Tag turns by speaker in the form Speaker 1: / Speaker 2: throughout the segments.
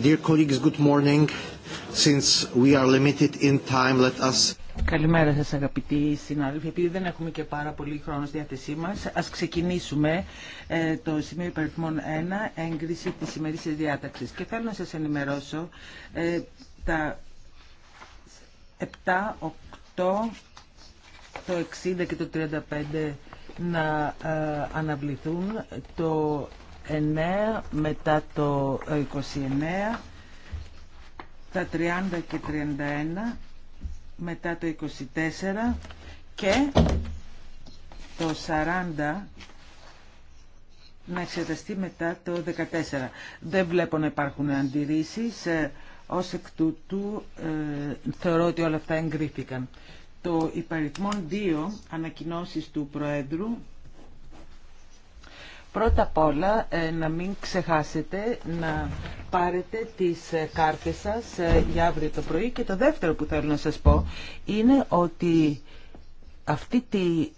Speaker 1: Dear colleagues, good morning. Since we are limited in time, let us...
Speaker 2: Καλημέρα σας αγαπητοί συνάδελφοι. Επειδή δεν έχουμε και πάρα πολύ χρόνο στη διάθεσή μας, ας ξεκινήσουμε ε, το σημείο υπερθμών 1, έγκριση της σημερινή διάταξης. Και θέλω να σας ενημερώσω ε, τα 7, 8, το 60 και το 35 να ε, αναβληθούν. Το 9 μετά το 29 ε, τα 30 και 31 μετά το 24 και το 40 να εξεταστεί μετά το 14. Δεν βλέπω να υπάρχουν αντιρρήσεις. Ε, ως εκ τούτου ε, θεωρώ ότι όλα αυτά εγκρίθηκαν. Το υπαριθμόν 2 ανακοινώσεις του Προέδρου Πρώτα απ' όλα ε, να μην ξεχάσετε να πάρετε τις ε, κάρτες σας ε, για αύριο το πρωί και το δεύτερο που θέλω να σας πω είναι ότι αυτή τη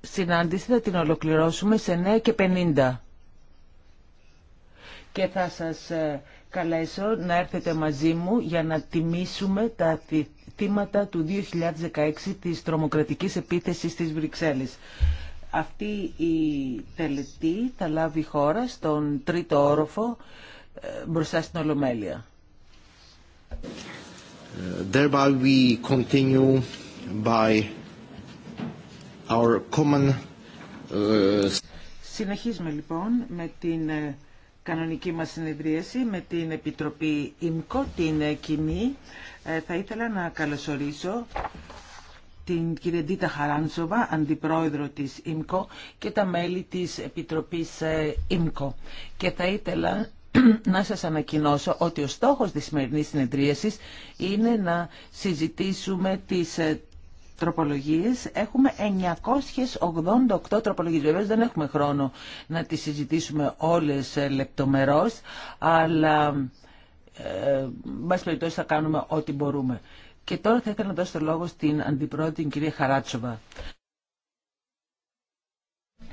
Speaker 2: συνάντηση θα την ολοκληρώσουμε σε 9 και 50 και θα σας καλέσω να έρθετε μαζί μου για να τιμήσουμε τα θύματα του 2016 της τρομοκρατικής επίθεσης της Βρυξέλλες. Αυτή η τελετή θα λάβει χώρα στον τρίτο όροφο ε, μπροστά στην Ολομέλεια. Ε, ε, Συνεχίζουμε λοιπόν με την κανονική μας συνεδρίαση με την Επιτροπή ΙΜΚΟ, την κοινή. Θα ήθελα να καλωσορίσω την κυρία Ντίτα Χαράντσοβα, αντιπρόεδρο της ΙΜΚΟ και τα μέλη της Επιτροπής ε, ΙΜΚΟ. Και θα ήθελα να σας ανακοινώσω ότι ο στόχος της σημερινής συνεδρίασης είναι να συζητήσουμε τις ε, τροπολογίες. Έχουμε 988 τροπολογίες. Βεβαίως δεν έχουμε χρόνο να τις συζητήσουμε όλες ε, λεπτομερώς, αλλά ε, περιπτώσει θα κάνουμε ό,τι μπορούμε. Και τώρα θα ήθελα να δώσω το λόγο στην την κυρία Χαράτσοβα.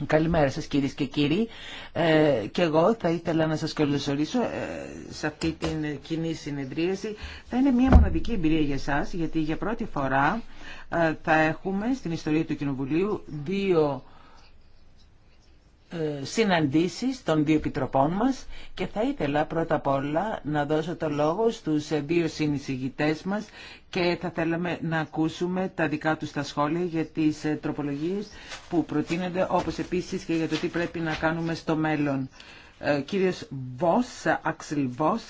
Speaker 2: Καλημέρα σας κυρίες και κύριοι. Ε, και εγώ θα ήθελα να σας καλωσορίσω ε, σε αυτή την κοινή συνεδρίαση. Θα είναι μια μοναδική εμπειρία για σας, γιατί για πρώτη φορά ε, θα έχουμε στην ιστορία του Κοινοβουλίου δύο ε, συναντήσεις των δύο επιτροπών μας και θα ήθελα πρώτα απ' όλα να δώσω το λόγο στους ε, δύο συνεισηγητές μας και θα θέλαμε να ακούσουμε τα δικά τους τα σχόλια για τις ε, τροπολογίες που προτείνονται όπως επίσης και για το τι πρέπει να κάνουμε στο μέλλον. Κύριος Βος, Αξιλ Βος,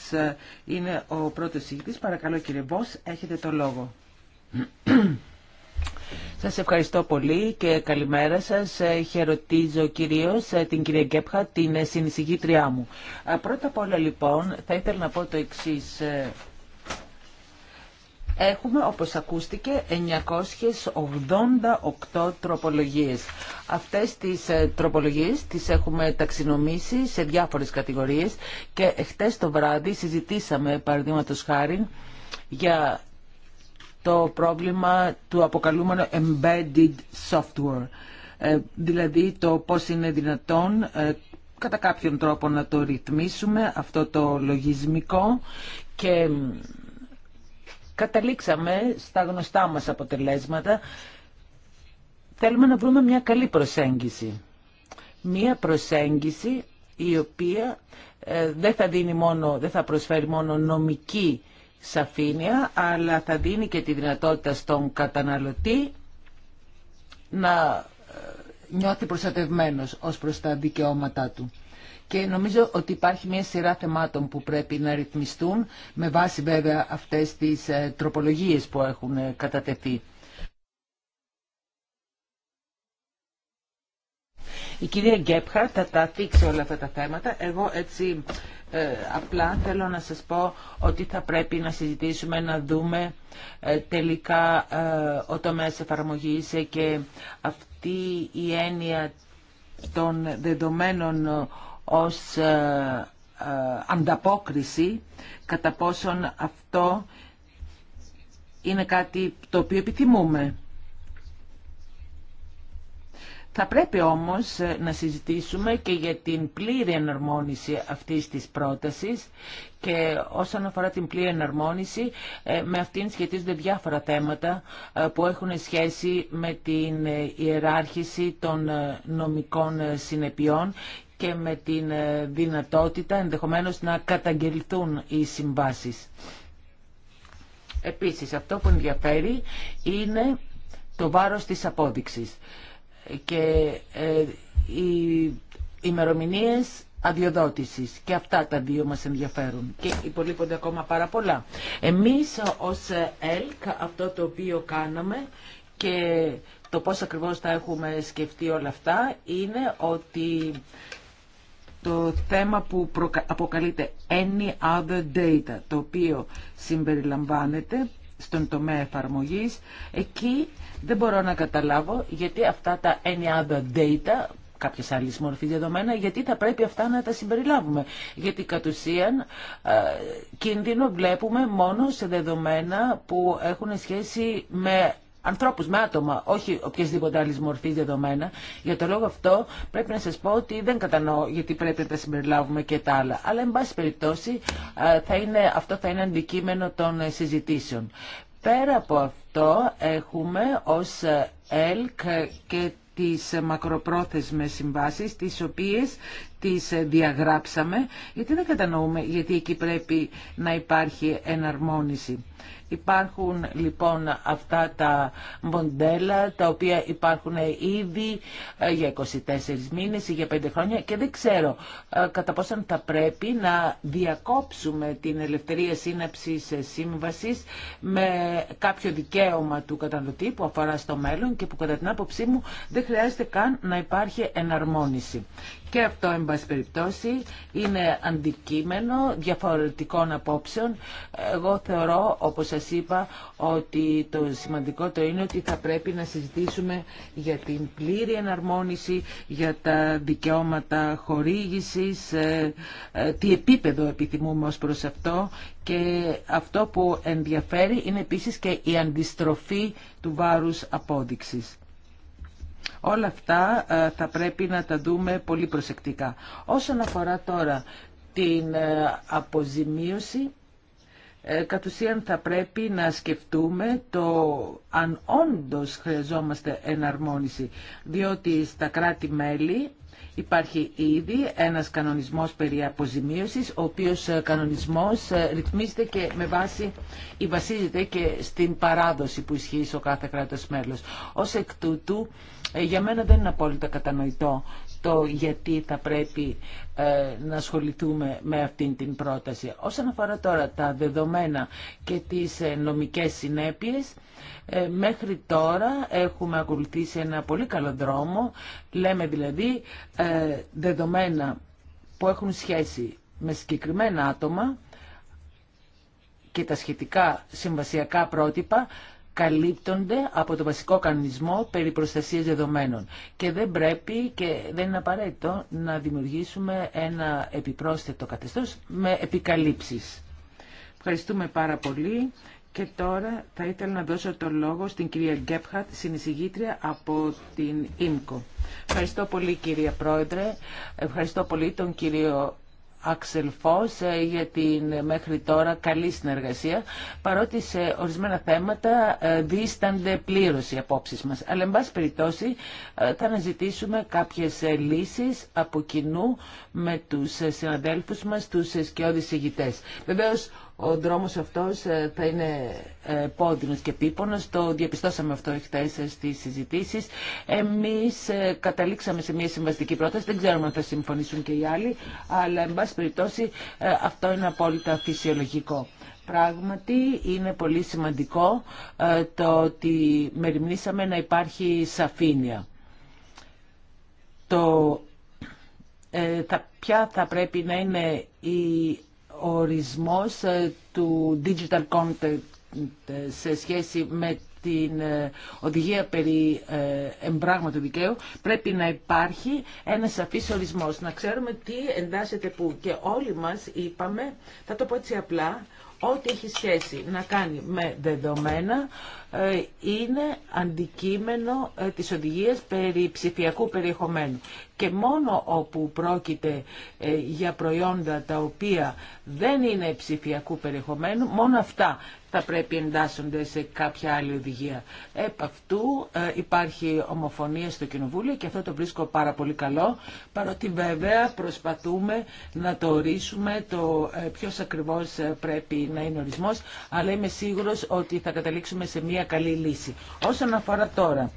Speaker 2: είναι ο πρώτος συγητής. Παρακαλώ κύριε Βος, έχετε το λόγο. Σας ευχαριστώ πολύ και καλημέρα σας. Ε, χαιρετίζω κυρίως ε, την κυρία Γκέπχα, την ε, συνεισηγήτριά μου. Πρώτα απ' όλα λοιπόν θα ήθελα να πω το εξής. Έχουμε, όπως ακούστηκε, 988 τροπολογίες. Αυτές τις τροπολογίες τις έχουμε ταξινομήσει σε διάφορες κατηγορίες και χτες το βράδυ συζητήσαμε, παραδείγματο χάρη, για το πρόβλημα του αποκαλούμενου embedded software. Ε, δηλαδή το πώς είναι δυνατόν ε, κατά κάποιον τρόπο να το ρυθμίσουμε αυτό το λογισμικό και καταλήξαμε στα γνωστά μας αποτελέσματα. Θέλουμε να βρούμε μια καλή προσέγγιση. Μια προσέγγιση η οποία ε, δεν θα, δίνει μόνο, δεν θα προσφέρει μόνο νομική σαφήνεια, αλλά θα δίνει και τη δυνατότητα στον καταναλωτή να ε, νιώθει προστατευμένος ως προς τα δικαιώματά του. Και νομίζω ότι υπάρχει μια σειρά θεμάτων που πρέπει να ρυθμιστούν με βάση βέβαια αυτές τις ε, τροπολογίες που έχουν ε, κατατεθεί. Η κυρία Γκέπχαρ, θα τα δείξει όλα αυτά τα θέματα. Εγώ έτσι ε, απλά θέλω να σας πω ότι θα πρέπει να συζητήσουμε, να δούμε ε, τελικά ε, ο τομέας εφαρμογής και αυτή η έννοια των δεδομένων ως ε, ανταπόκριση, κατά πόσον αυτό είναι κάτι το οποίο επιθυμούμε. Θα πρέπει όμως ε, να συζητήσουμε και για την πλήρη εναρμόνιση αυτής της πρότασης και όσον αφορά την πλήρη εναρμόνιση, ε, με αυτήν σχετίζονται διάφορα θέματα ε, που έχουν σχέση με την ιεράρχηση των νομικών συνεπειών και με την δυνατότητα ενδεχομένως να καταγγελθούν οι συμβάσεις. Επίσης, αυτό που ενδιαφέρει είναι το βάρος της απόδειξης και ε, οι ημερομηνίε αδειοδότηση. και αυτά τα δύο μα ενδιαφέρουν και υπολείπονται ακόμα πάρα πολλά. Εμεί ω ΕΛΚ αυτό το οποίο κάναμε και το πώς ακριβώς τα έχουμε σκεφτεί όλα αυτά είναι ότι το θέμα που αποκαλείται Any Other Data, το οποίο συμπεριλαμβάνεται στον τομέα εφαρμογής, εκεί δεν μπορώ να καταλάβω γιατί αυτά τα any other data κάποιε άλλε μορφή δεδομένα, γιατί θα πρέπει αυτά να τα συμπεριλάβουμε. Γιατί κατ' ουσίαν ε, κίνδυνο βλέπουμε μόνο σε δεδομένα που έχουν σχέση με ανθρώπους, με άτομα, όχι οποιασδήποτε άλλη μορφή δεδομένα. Για το λόγο αυτό πρέπει να σας πω ότι δεν κατανοώ γιατί πρέπει να τα συμπεριλάβουμε και τα άλλα. Αλλά, εν πάση περιπτώσει, θα είναι, αυτό θα είναι αντικείμενο των ε, συζητήσεων. Πέρα από αυτό έχουμε ως ε, ΕΛΚ και τις μακροπρόθεσμες συμβάσεις, τις οποίες τις ε, διαγράψαμε, γιατί δεν κατανοούμε γιατί εκεί πρέπει να υπάρχει εναρμόνιση. Υπάρχουν λοιπόν αυτά τα μοντέλα τα οποία υπάρχουν ήδη ε, για 24 μήνες ή για 5 χρόνια και δεν ξέρω ε, κατά πόσον θα πρέπει να διακόψουμε την ελευθερία σύναψης ε, σύμβασης με κάποιο δικαίωμα του καταναλωτή που αφορά στο μέλλον και που κατά την άποψή μου δεν χρειάζεται καν να υπάρχει εναρμόνιση. Και αυτό, εν πάση περιπτώσει, είναι αντικείμενο διαφορετικών απόψεων. Εγώ θεωρώ όπως σας είπα ότι το το είναι ότι θα πρέπει να συζητήσουμε για την πλήρη εναρμόνιση, για τα δικαιώματα χορήγησης, ε, ε, τι επίπεδο επιθυμούμε ως προς αυτό και αυτό που ενδιαφέρει είναι επίσης και η αντιστροφή του βάρους απόδειξης. Όλα αυτά ε, θα πρέπει να τα δούμε πολύ προσεκτικά. Όσον αφορά τώρα την αποζημίωση, ε, κατ' ουσίαν θα πρέπει να σκεφτούμε το αν όντως χρειαζόμαστε εναρμόνιση, διότι στα κράτη-μέλη Υπάρχει ήδη ένας κανονισμός περί αποζημίωσης, ο οποίος ε, κανονισμός ε, ρυθμίζεται και με βάση ή βασίζεται και στην παράδοση που ισχύει στο κάθε κράτος μέλος. Ως εκ τούτου, για μένα δεν είναι απόλυτα κατανοητό το γιατί θα πρέπει ε, να ασχοληθούμε με αυτήν την πρόταση. Όσον αφορά τώρα τα δεδομένα και τις ε, νομικές συνέπειες, ε, μέχρι τώρα έχουμε ακολουθήσει ένα πολύ καλό δρόμο. Λέμε δηλαδή δεδομένα που έχουν σχέση με συγκεκριμένα άτομα και τα σχετικά συμβασιακά πρότυπα καλύπτονται από το βασικό κανονισμό περί προστασίας δεδομένων και δεν πρέπει και δεν είναι απαραίτητο να δημιουργήσουμε ένα επιπρόσθετο καθεστώς με επικαλύψεις. Ευχαριστούμε πάρα πολύ και τώρα θα ήθελα να δώσω το λόγο στην κυρία Γκέπχατ, συνεισηγήτρια από την ΙΜΚΟ. Ευχαριστώ πολύ κυρία Πρόεδρε, ευχαριστώ πολύ τον κύριο Axel ε, για την ε, μέχρι τώρα καλή συνεργασία, παρότι σε ορισμένα θέματα ε, δίστανται πλήρως οι απόψεις μας. Αλλά, εν πάση περιπτώσει, θα αναζητήσουμε κάποιες λύσεις από κοινού με τους συναδέλφους μας, τους σκιώδης ηγητές. Βεβαίως, ο δρόμος αυτός ε, θα είναι ε, πόντινος και πίπονος. Το διαπιστώσαμε αυτό χθε στις συζητήσεις. Εμείς ε, καταλήξαμε σε μια συμβαστική πρόταση. Δεν ξέρουμε αν θα συμφωνήσουν και οι άλλοι, αλλά εν πάση περιπτώσει αυτό είναι απόλυτα φυσιολογικό. Πράγματι είναι πολύ σημαντικό το ότι μεριμνήσαμε να υπάρχει σαφήνεια. Το, ποια θα πρέπει να είναι η ορισμός ε, του digital content ε, σε σχέση με την ε, οδηγία περί του δικαίου πρέπει να υπάρχει ένα σαφής ορισμός, να ξέρουμε τι εντάσσεται που και όλοι μας είπαμε, θα το πω έτσι απλά, ό,τι έχει σχέση να κάνει με δεδομένα ε, είναι αντικείμενο ε, της οδηγίας περί ψηφιακού περιεχομένου. Και μόνο όπου πρόκειται ε, για προϊόντα τα οποία δεν είναι ψηφιακού περιεχομένου, μόνο αυτά θα πρέπει εντάσσονται σε κάποια άλλη οδηγία. Επ' αυτού υπάρχει ομοφωνία στο Κοινοβούλιο και αυτό το βρίσκω πάρα πολύ καλό, παρότι βέβαια προσπαθούμε να το ορίσουμε το ποιος ακριβώς πρέπει να είναι ορισμός, αλλά είμαι σίγουρος ότι θα καταλήξουμε σε μια μια καλή λύση. Όσον αφορά τώρα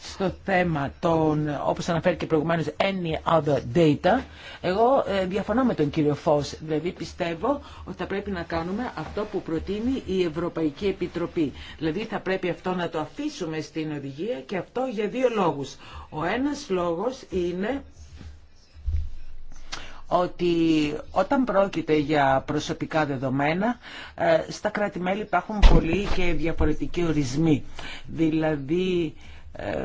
Speaker 2: στο θέμα των, όπως αναφέρει και προηγουμένως, any other data, εγώ ε, διαφωνώ με τον κύριο Φως. Δηλαδή πιστεύω ότι θα πρέπει να κάνουμε αυτό που προτείνει η Ευρωπαϊκή Επιτροπή. Δηλαδή θα πρέπει αυτό να το αφήσουμε στην οδηγία και αυτό για δύο λόγους. Ο ένας λόγος είναι ότι όταν πρόκειται για προσωπικά δεδομένα, ε, στα κράτη-μέλη υπάρχουν πολλοί και διαφορετικοί ορισμοί. Δηλαδή, ε,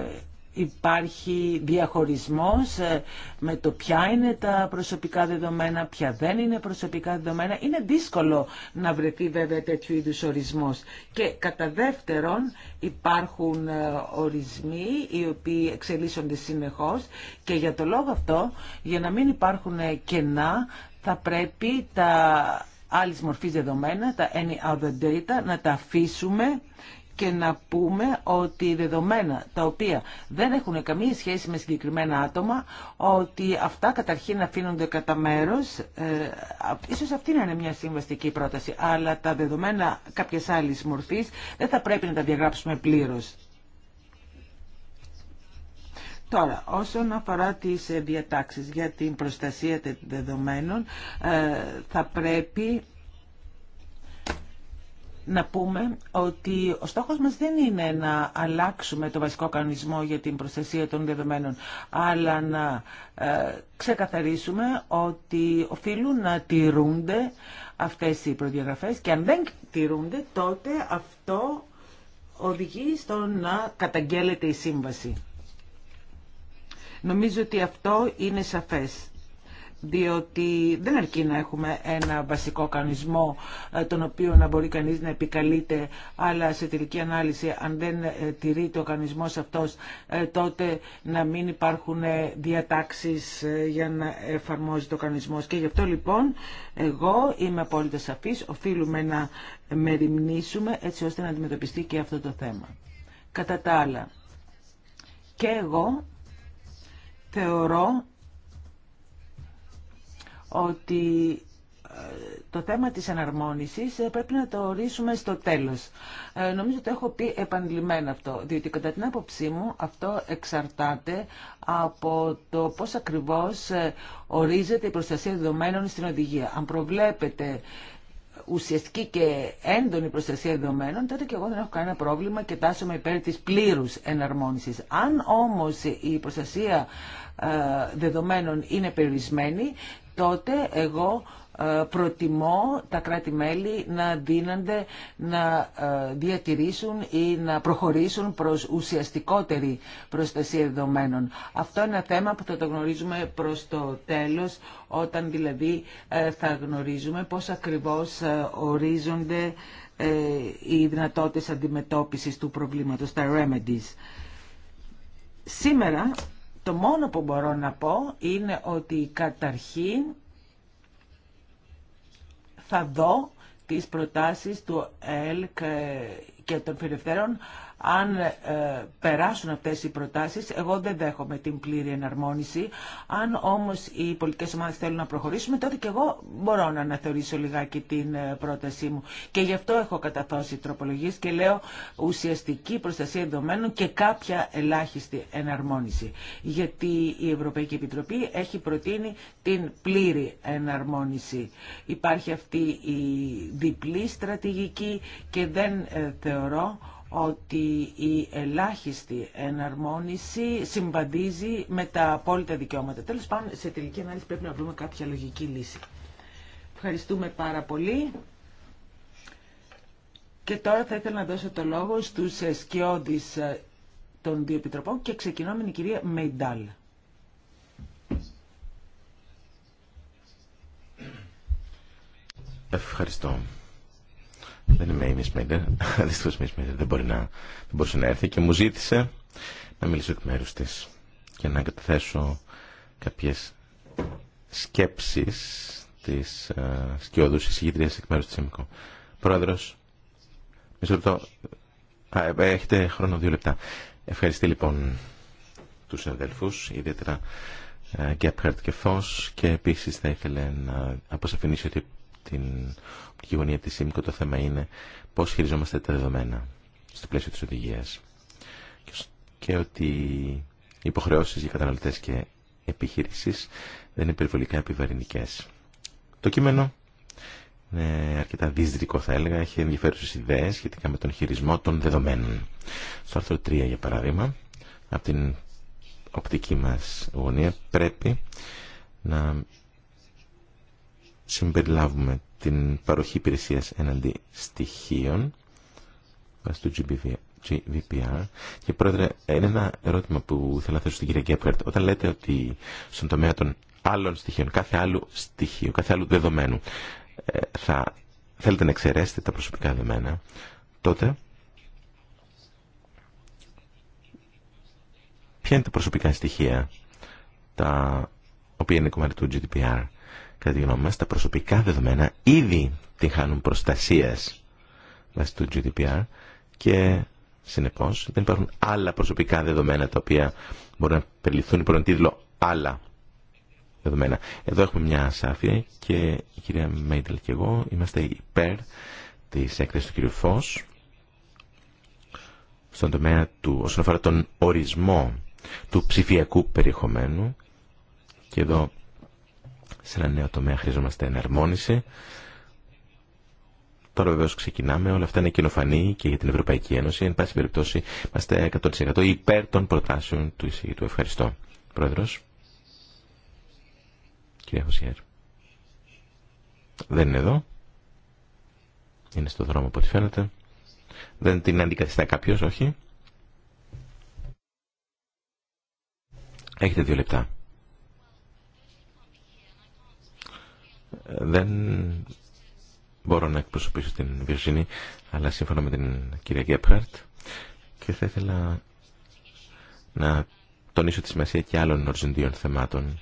Speaker 2: υπάρχει διαχωρισμός ε, με το ποια είναι τα προσωπικά δεδομένα, ποια δεν είναι προσωπικά δεδομένα. Είναι δύσκολο να βρεθεί βέβαια τέτοιου είδους ορισμός. Και κατά δεύτερον υπάρχουν ε, ορισμοί οι οποίοι εξελίσσονται συνεχώς και για το λόγο αυτό, για να μην υπάρχουν ε, κενά, θα πρέπει τα άλλη μορφή δεδομένα, τα any other data, να τα αφήσουμε και να πούμε ότι δεδομένα τα οποία δεν έχουν καμία σχέση με συγκεκριμένα άτομα, ότι αυτά καταρχήν αφήνονται κατά μέρο. Ε, ίσως αυτή να είναι μια συμβαστική πρόταση, αλλά τα δεδομένα κάποια άλλη μορφή δεν θα πρέπει να τα διαγράψουμε πλήρω. Τώρα, όσον αφορά τις ε, διατάξεις για την προστασία των δεδομένων, ε, θα πρέπει να πούμε ότι ο στόχος μας δεν είναι να αλλάξουμε το βασικό κανονισμό για την προστασία των δεδομένων, αλλά να ε, ξεκαθαρίσουμε ότι οφείλουν να τηρούνται αυτές οι προδιαγραφές και αν δεν τηρούνται τότε αυτό οδηγεί στο να καταγγέλλεται η σύμβαση. Νομίζω ότι αυτό είναι σαφές διότι δεν αρκεί να έχουμε ένα βασικό κανονισμό ε, τον οποίο να μπορεί κανείς να επικαλείται αλλά σε τελική ανάλυση αν δεν ε, τηρείται ο κανονισμός αυτός ε, τότε να μην υπάρχουν διατάξεις για να εφαρμόζει το κανονισμό. και γι' αυτό λοιπόν εγώ είμαι απόλυτα σαφής οφείλουμε να μεριμνήσουμε έτσι ώστε να αντιμετωπιστεί και αυτό το θέμα κατά τα άλλα και εγώ θεωρώ ότι ε, το θέμα της εναρμόνισης ε, πρέπει να το ορίσουμε στο τέλος. Ε, νομίζω ότι έχω πει επανειλημμένα αυτό, διότι κατά την άποψή μου αυτό εξαρτάται από το πώς ακριβώς ορίζεται η προστασία δεδομένων στην οδηγία. Αν προβλέπετε ουσιαστική και έντονη προστασία δεδομένων, τότε και εγώ δεν έχω κανένα πρόβλημα και τάσομαι υπέρ της πλήρους εναρμόνισης. Αν όμως η προστασία δεδομένων είναι περιορισμένη, τότε εγώ ε, προτιμώ τα κράτη-μέλη να δίνανται να ε, διατηρήσουν ή να προχωρήσουν προς ουσιαστικότερη προστασία δεδομένων. Αυτό είναι ένα θέμα που θα το γνωρίζουμε προς το τέλος, όταν δηλαδή ε, θα γνωρίζουμε πώς ακριβώς ορίζονται οι δυνατότητες αντιμετώπισης του προβλήματος, τα remedies. Σήμερα το μόνο που μπορώ να πω είναι ότι καταρχήν θα δω τις προτάσεις του ΕΛΚ και των φιλευθέρων, αν ε, περάσουν αυτές οι προτάσεις, εγώ δεν δέχομαι την πλήρη εναρμόνιση. Αν όμως οι πολιτικές ομάδες θέλουν να προχωρήσουμε, τότε και εγώ μπορώ να αναθεωρήσω λιγάκι την ε, πρότασή μου. Και γι' αυτό έχω καταθώσει τροπολογίες και λέω ουσιαστική προστασία δεδομένων και κάποια ελάχιστη εναρμόνιση. Γιατί η Ευρωπαϊκή Επιτροπή έχει προτείνει την πλήρη εναρμόνιση. Υπάρχει αυτή η διπλή στρατηγική και δεν ε, θεωρώ θεωρώ ότι η ελάχιστη εναρμόνιση συμβαδίζει με τα απόλυτα δικαιώματα. Τέλος πάντων, σε τελική ανάλυση πρέπει να βρούμε κάποια λογική λύση. Ευχαριστούμε πάρα πολύ. Και τώρα θα ήθελα να δώσω το λόγο στους σκιώδεις ε, των δύο επιτροπών και ξεκινώ με την κυρία Μεϊντάλ.
Speaker 1: Ευχαριστώ. Δεν είμαι η Miss Δυστυχώς η Miss δεν, μπορεί να, δεν μπορούσε να έρθει και μου ζήτησε να μιλήσω εκ μέρου τη και να καταθέσω κάποιες σκέψεις της uh, σκιώδους εισηγητρίας εκ μέρους της ΕΜΚΟ. Πρόεδρος, μισό λεπτό. Ε, ε, έχετε χρόνο δύο λεπτά. Ευχαριστώ λοιπόν τους αδελφούς, ιδιαίτερα Γκέπχαρτ και Φως και επίσης θα ήθελε να αποσαφηνήσω ότι την οπτική γωνία της ΣΥΜΚΟ το θέμα είναι πώς χειριζόμαστε τα δεδομένα στο πλαίσιο της οδηγίας και ότι οι υποχρεώσεις για καταναλωτές και επιχείρησης δεν είναι περιβολικά επιβαρυνικές. Το κείμενο είναι αρκετά δυσδρικό θα έλεγα, έχει ενδιαφέρουσες ιδέες σχετικά με τον χειρισμό των δεδομένων. Στο άρθρο 3 για παράδειγμα, από την οπτική μας γωνία πρέπει να συμπεριλάβουμε την παροχή υπηρεσίας εναντί στοιχείων βάσει του GDPR. Και πρόεδρε, είναι ένα ερώτημα που θέλω να θέσω στην κυρία Γκέπερτ. Όταν λέτε ότι στον τομέα των άλλων στοιχείων, κάθε άλλου στοιχείο, κάθε άλλου δεδομένου, ε, θα θέλετε να εξαιρέσετε τα προσωπικά δεδομένα, τότε ποια είναι τα προσωπικά στοιχεία τα οποία είναι κομμάτι του GDPR Κατά τη γνώμη μας, τα προσωπικά δεδομένα ήδη την χάνουν προστασίας βάσει του GDPR και συνεπώς δεν υπάρχουν άλλα προσωπικά δεδομένα τα οποία μπορούν να περιληφθούν υπό τον τίτλο άλλα δεδομένα. Εδώ έχουμε μια σάφια και η κυρία Μέιντελ και εγώ είμαστε υπέρ της έκθεσης του κυρίου Φως στον τομέα του όσον αφορά τον ορισμό του ψηφιακού περιεχομένου και εδώ σε ένα νέο τομέα χρειαζόμαστε εναρμόνιση. Τώρα βεβαίω ξεκινάμε. Όλα αυτά είναι κοινοφανή και για την Ευρωπαϊκή Ένωση. Εν πάση περιπτώσει, είμαστε 100% υπέρ των προτάσεων του εισηγητού. Ευχαριστώ. Πρόεδρο. Κυρία Χωσιέρ. Δεν είναι εδώ. Είναι στο δρόμο από ό,τι φαίνεται. Δεν την αντικαθιστά κάποιο, όχι. Έχετε δύο λεπτά. Δεν μπορώ να εκπροσωπήσω την Βιρζίνη, αλλά σύμφωνα με την κυρία Γκέπχαρτ και θα ήθελα να τονίσω τη σημασία και άλλων οριζοντίων θεμάτων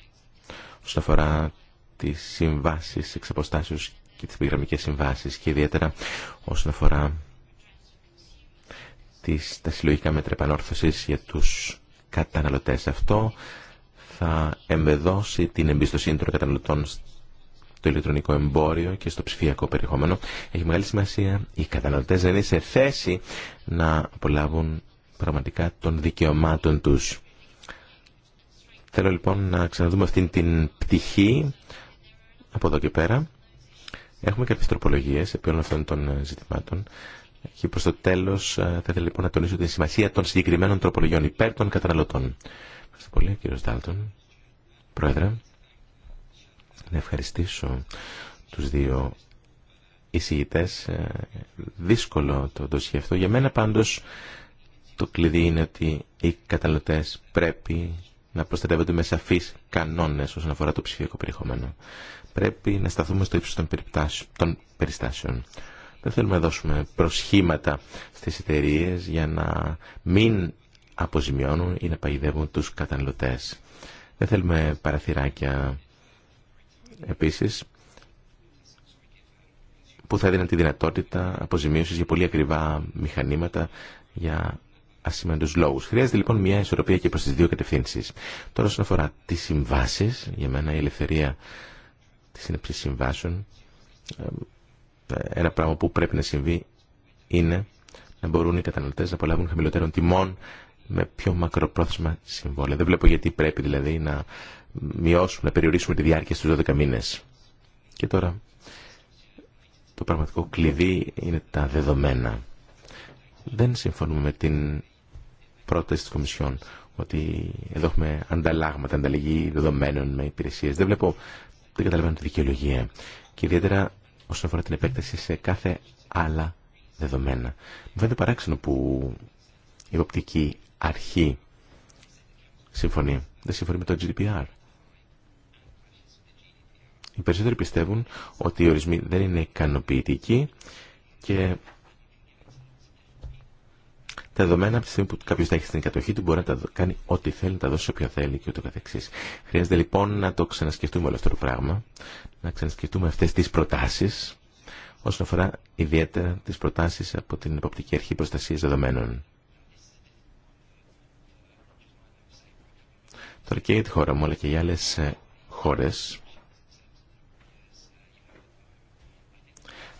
Speaker 1: όσον αφορά τις συμβάσεις εξ αποστάσεως και τις επιγραμμικές συμβάσεις και ιδιαίτερα όσον αφορά τα συλλογικά μέτρα επανόρθωσης για τους καταναλωτές. Αυτό θα εμπεδώσει την εμπιστοσύνη των καταναλωτών το ηλεκτρονικό εμπόριο και στο ψηφιακό περιεχόμενο, έχει μεγάλη σημασία οι καταναλωτέ να είναι σε θέση να απολάβουν πραγματικά των δικαιωμάτων του. Θέλω λοιπόν να ξαναδούμε αυτήν την πτυχή από εδώ και πέρα. Έχουμε κάποιε τροπολογίε επί όλων αυτών των ζητημάτων. Και προ το τέλο ε, θα ήθελα λοιπόν να τονίσω τη σημασία των συγκεκριμένων τροπολογιών υπέρ των καταναλωτών. Ευχαριστώ πολύ, κύριο Στάλτον. Πρόεδρε να ευχαριστήσω τους δύο εισηγητές. Ε, δύσκολο το δοσχέ Για μένα πάντως το κλειδί είναι ότι οι καταναλωτές πρέπει να προστατεύονται με σαφείς κανόνες όσον αφορά το ψηφιακό περιεχόμενο. Πρέπει να σταθούμε στο ύψος των, περιστάσεων. Δεν θέλουμε να δώσουμε προσχήματα στις εταιρείε για να μην αποζημιώνουν ή να παγιδεύουν τους καταναλωτές. Δεν θέλουμε παραθυράκια επίσης που θα δίνει τη δυνατότητα αποζημίωσης για πολύ ακριβά μηχανήματα για ασήμαντους λόγους. Χρειάζεται λοιπόν μια ισορροπία και προς τις δύο κατευθύνσεις. Τώρα όσον αφορά τις συμβάσεις, για μένα η ελευθερία της σύνεψης συμβάσεων, ε, ένα πράγμα που πρέπει να συμβεί είναι να μπορούν οι καταναλωτές να απολαύουν χαμηλότερων τιμών με πιο μακροπρόθεσμα συμβόλαια. Δεν βλέπω γιατί πρέπει δηλαδή να μειώσουμε, να περιορίσουμε τη διάρκεια στους 12 μήνες. Και τώρα το πραγματικό κλειδί είναι τα δεδομένα. Δεν συμφωνούμε με την πρόταση της Κομισιόν ότι εδώ έχουμε ανταλλάγματα, ανταλλαγή δεδομένων με υπηρεσίες. Δεν βλέπω, δεν καταλαβαίνω τη δικαιολογία. Και ιδιαίτερα όσον αφορά την επέκταση σε κάθε άλλα δεδομένα. Μου φαίνεται παράξενο που η οπτική αρχή συμφωνεί. Δεν συμφωνεί με το GDPR. Οι περισσότεροι πιστεύουν ότι οι ορισμοί δεν είναι ικανοποιητικοί και τα δεδομένα από τη στιγμή που κάποιο τα έχει στην κατοχή του μπορεί να τα κάνει ό,τι θέλει, να τα δώσει όποιο θέλει και ούτω καθεξής. Χρειάζεται λοιπόν να το ξανασκεφτούμε όλο αυτό το πράγμα, να ξανασκεφτούμε αυτέ τι προτάσει όσον αφορά ιδιαίτερα τις προτάσεις από την Εποπτική Αρχή Προστασίας Δεδομένων. Τώρα και για τη χώρα μου, αλλά και για άλλες ε, χώρες,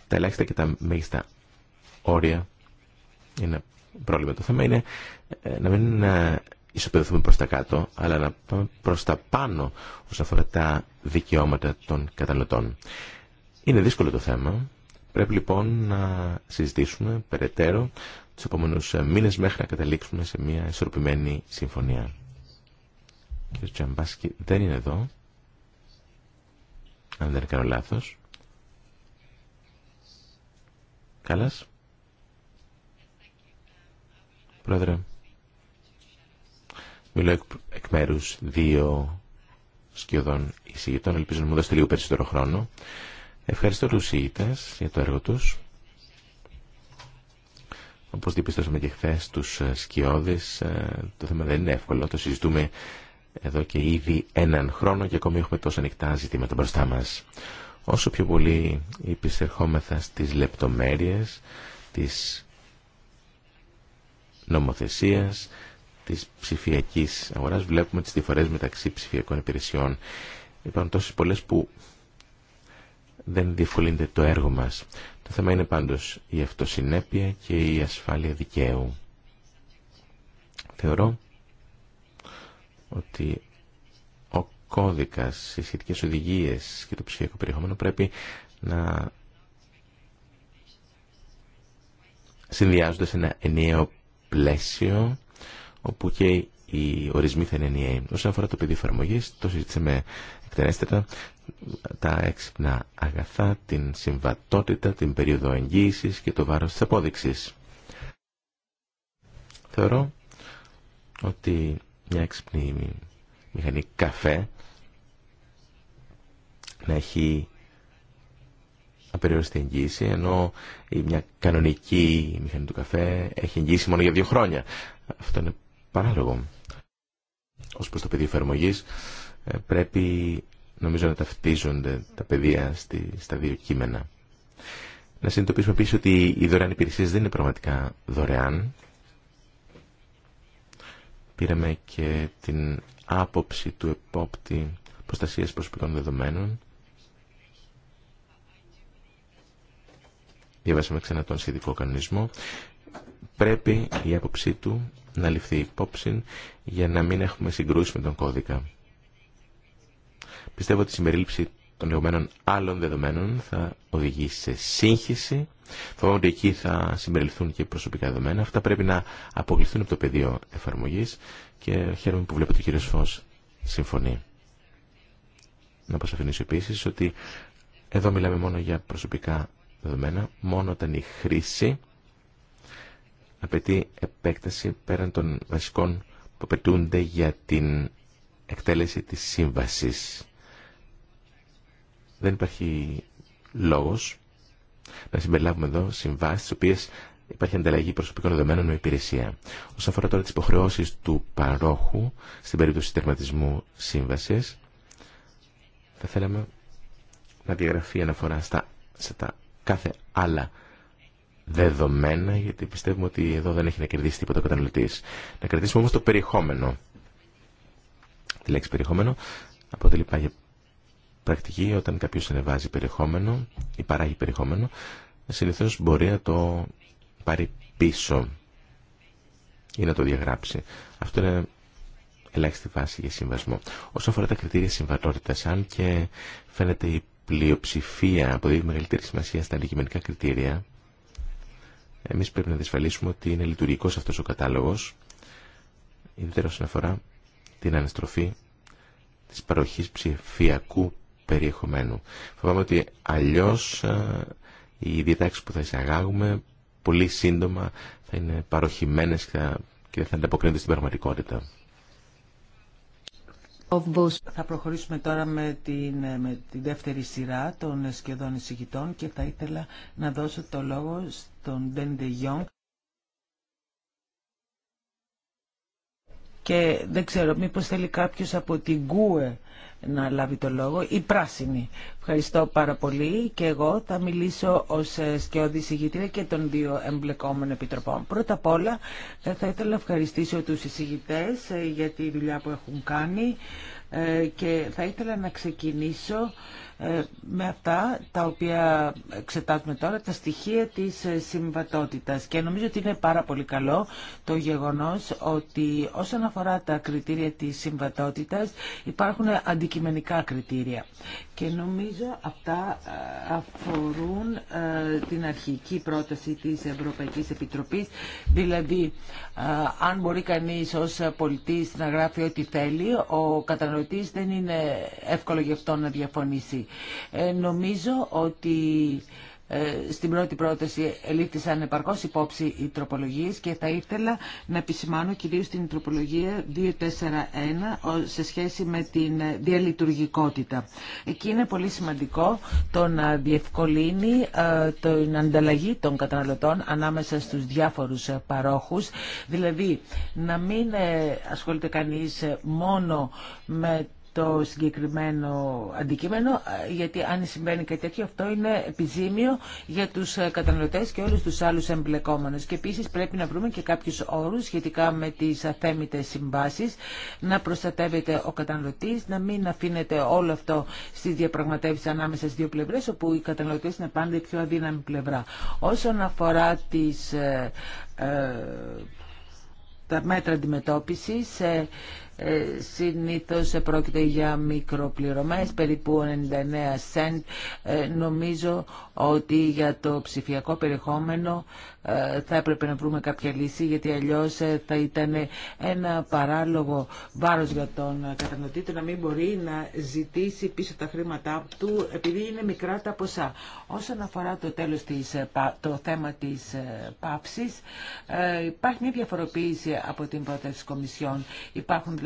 Speaker 1: τα ελάχιστα και τα μέγιστα όρια είναι πρόβλημα. Το θέμα είναι ε, να μην ε, ισοπεδωθούμε προς τα κάτω, αλλά να πάμε προς τα πάνω όσον αφορά τα δικαιώματα των καταναλωτών. Είναι δύσκολο το θέμα. Πρέπει λοιπόν να συζητήσουμε περαιτέρω τους επόμενους ε, μήνες μέχρι να καταλήξουμε σε μια ισορροπημένη συμφωνία. Ο κ. Τζαμπάσκι δεν είναι εδώ, αν δεν κάνω λάθος. Κάλλας. Πρόεδρε, μιλώ εκ, εκ μέρου δύο σκιωδών εισηγητών. Ελπίζω να μου δώσετε λίγο περισσότερο χρόνο. Ευχαριστώ τους εισηγητές για το έργο τους. Όπως διπιστώσαμε και χθε τους σκιώδες, ε, το θέμα δεν είναι εύκολο. Το συζητούμε εδώ και ήδη έναν χρόνο και ακόμη έχουμε τόσο ανοιχτά ζητήματα μπροστά μας. Όσο πιο πολύ υπησερχόμεθα στις λεπτομέρειες της νομοθεσίας, της ψηφιακής αγοράς, βλέπουμε τις διαφορές μεταξύ ψηφιακών υπηρεσιών. Υπάρχουν τόσες πολλές που δεν διευκολύνεται το έργο μας. Το θέμα είναι πάντως η αυτοσυνέπεια και η ασφάλεια δικαίου. Θεωρώ ότι κώδικας, οι σχετικές οδηγίες και το ψηφιακό περιεχόμενο πρέπει να συνδυάζονται σε ένα ενιαίο πλαίσιο όπου και οι ορισμοί θα είναι ενιαίοι. Όσον αφορά το παιδί εφαρμογή, το συζήτησαμε εκτενέστερα τα έξυπνα αγαθά, την συμβατότητα, την περίοδο εγγύησης και το βάρος της απόδειξης. Θεωρώ ότι μια έξυπνη μηχανή καφέ να έχει απεριόριστη εγγύηση, ενώ η μια κανονική μηχανή του καφέ έχει εγγύηση μόνο για δύο χρόνια. Αυτό είναι παράλογο. Ως προς το πεδίο εφαρμογή ε, πρέπει νομίζω να ταυτίζονται τα παιδεία στη, στα δύο κείμενα. Να συνειδητοποιήσουμε επίση ότι οι δωρεάν υπηρεσίε δεν είναι πραγματικά δωρεάν. Πήραμε και την άποψη του επόπτη προστασία προσωπικών δεδομένων διαβάσαμε ξανά τον σχετικό κανονισμό, πρέπει η άποψή του να ληφθεί υπόψη για να μην έχουμε συγκρούσει με τον κώδικα. Πιστεύω ότι η συμπερίληψη των λεγόμενων άλλων δεδομένων θα οδηγήσει σε σύγχυση. Φοβάμαι ότι εκεί θα συμπεριληφθούν και προσωπικά δεδομένα. Αυτά πρέπει να αποκλειστούν από το πεδίο εφαρμογή και χαίρομαι που βλέπω ότι ο κύριο Φω συμφωνεί. Να προσαφηνήσω επίση ότι εδώ μιλάμε μόνο για προσωπικά δεδομένα μόνο όταν η χρήση απαιτεί επέκταση πέραν των βασικών που απαιτούνται για την εκτέλεση της σύμβασης. Δεν υπάρχει λόγος να συμπεριλάβουμε εδώ συμβάσεις τις οποίες υπάρχει ανταλλαγή προσωπικών δεδομένων με υπηρεσία. Όσον αφορά τώρα τις υποχρεώσεις του παρόχου στην περίπτωση τερματισμού σύμβασης, θα θέλαμε να διαγραφεί αναφορά στα, κάθε άλλα δεδομένα, γιατί πιστεύουμε ότι εδώ δεν έχει να κερδίσει τίποτα ο καταναλωτή. Να κρατήσουμε όμω το περιεχόμενο. Τη λέξη περιεχόμενο αποτελεί πάγια πρακτική όταν κάποιο ανεβάζει περιεχόμενο ή παράγει περιεχόμενο, συνήθω μπορεί να το πάρει πίσω ή να το διαγράψει. Αυτό είναι ελάχιστη βάση για συμβασμό. Όσον αφορά τα κριτήρια συμβατότητα, αν και φαίνεται η πλειοψηφία αποδίδει μεγαλύτερη σημασία στα αντικειμενικά κριτήρια, Εμεί πρέπει να διασφαλίσουμε ότι είναι λειτουργικό αυτό ο κατάλογο, ιδιαίτερα όσον αφορά την αναστροφή τη παροχή ψηφιακού περιεχομένου. Φοβάμαι ότι αλλιώ ε, οι διδάξει που θα εισαγάγουμε πολύ σύντομα θα είναι παροχημένε και, θα, και δεν θα ανταποκρίνονται στην πραγματικότητα.
Speaker 2: Θα προχωρήσουμε τώρα με την, με δεύτερη σειρά των σχεδόν εισηγητών και θα ήθελα να δώσω το λόγο στον Ντέντε Και δεν ξέρω, μήπως θέλει κάποιος από την ΚΟΕ να λάβει το λόγο. Η πράσινη. Ευχαριστώ πάρα πολύ και εγώ θα μιλήσω ως ε, σκιώδη συγγήτρια και των δύο εμπλεκόμενων επιτροπών. Πρώτα απ' όλα ε, θα ήθελα να ευχαριστήσω τους εισηγητές ε, για τη δουλειά που έχουν κάνει και θα ήθελα να ξεκινήσω ε, με αυτά τα οποία εξετάζουμε τώρα, τα στοιχεία της ε, συμβατότητας. Και νομίζω ότι είναι πάρα πολύ καλό το γεγονός ότι όσον αφορά τα κριτήρια της συμβατότητας υπάρχουν αντικειμενικά κριτήρια. Και νομίζω αυτά ε, αφορούν την αρχική πρόταση της Ευρωπαϊκής Επιτροπής, δηλαδή αν μπορεί κανείς ως πολιτής να γράφει ό,τι θέλει, ο κατανοητής δεν είναι εύκολο γι' αυτό να διαφωνήσει. Ε, νομίζω ότι ε, στην πρώτη πρόταση ελήφθησαν επαρκώς υπόψη οι τροπολογίες και θα ήθελα να επισημάνω κυρίως την τροπολογία 241 σε σχέση με την ε, διαλειτουργικότητα. Εκεί είναι πολύ σημαντικό το να διευκολύνει την ανταλλαγή των καταναλωτών ανάμεσα στους διάφορους παρόχους, δηλαδή να μην ασχολείται κανείς μόνο με το συγκεκριμένο αντικείμενο, ε, γιατί αν συμβαίνει κάτι τέτοιο, αυτό είναι επιζήμιο για τους ε, καταναλωτέ και όλους τους άλλους εμπλεκόμενους. Και επίση πρέπει να βρούμε και κάποιου όρου σχετικά με τις αθέμητε συμβάσει να προστατεύεται ο καταναλωτή, να μην αφήνεται όλο αυτό στι διαπραγματεύσει ανάμεσα στι δύο πλευρέ, όπου οι καταναλωτέ είναι πάντα η πιο αδύναμη πλευρά. Όσον αφορά τι ε, τα μέτρα αντιμετώπισης, ε, συνήθως πρόκειται για μικροπληρωμές, περίπου 99 cent. Ε, νομίζω ότι για το ψηφιακό περιεχόμενο ε, θα έπρεπε να βρούμε κάποια λύση γιατί αλλιώς θα ήταν ένα παράλογο βάρος για τον καταναλωτή να μην μπορεί να ζητήσει πίσω τα χρήματά του επειδή είναι μικρά τα ποσά. Όσον αφορά το τέλος της, το θέμα της πάψης υπάρχει μια διαφοροποίηση από την πρόταση της Κομισιόν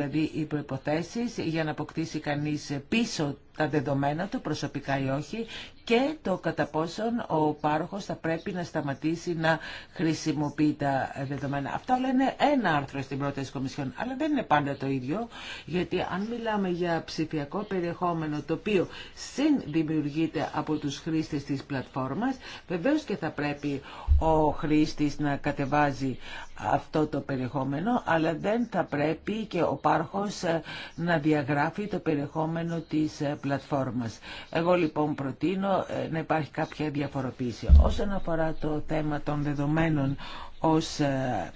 Speaker 2: δηλαδή οι προϋποθέσεις για να αποκτήσει κανείς πίσω τα δεδομένα του, προσωπικά ή όχι, και το κατά πόσον ο πάροχος θα πρέπει να σταματήσει να χρησιμοποιεί τα δεδομένα. Αυτό λένε είναι ένα άρθρο στην πρόταση Κομισιόν, αλλά δεν είναι πάντα το ίδιο, γιατί αν μιλάμε για ψηφιακό περιεχόμενο το οποίο συνδημιουργείται από τους χρήστες της πλατφόρμας, βεβαίως και θα πρέπει ο χρήστης να κατεβάζει αυτό το περιεχόμενο, αλλά δεν θα πρέπει και ο πάροχος ε, να διαγράφει το περιεχόμενο της ε, πλατφόρμας. Εγώ λοιπόν προτείνω ε, να υπάρχει κάποια διαφοροποίηση. Όσον αφορά το θέμα των δεδομένων ως ε,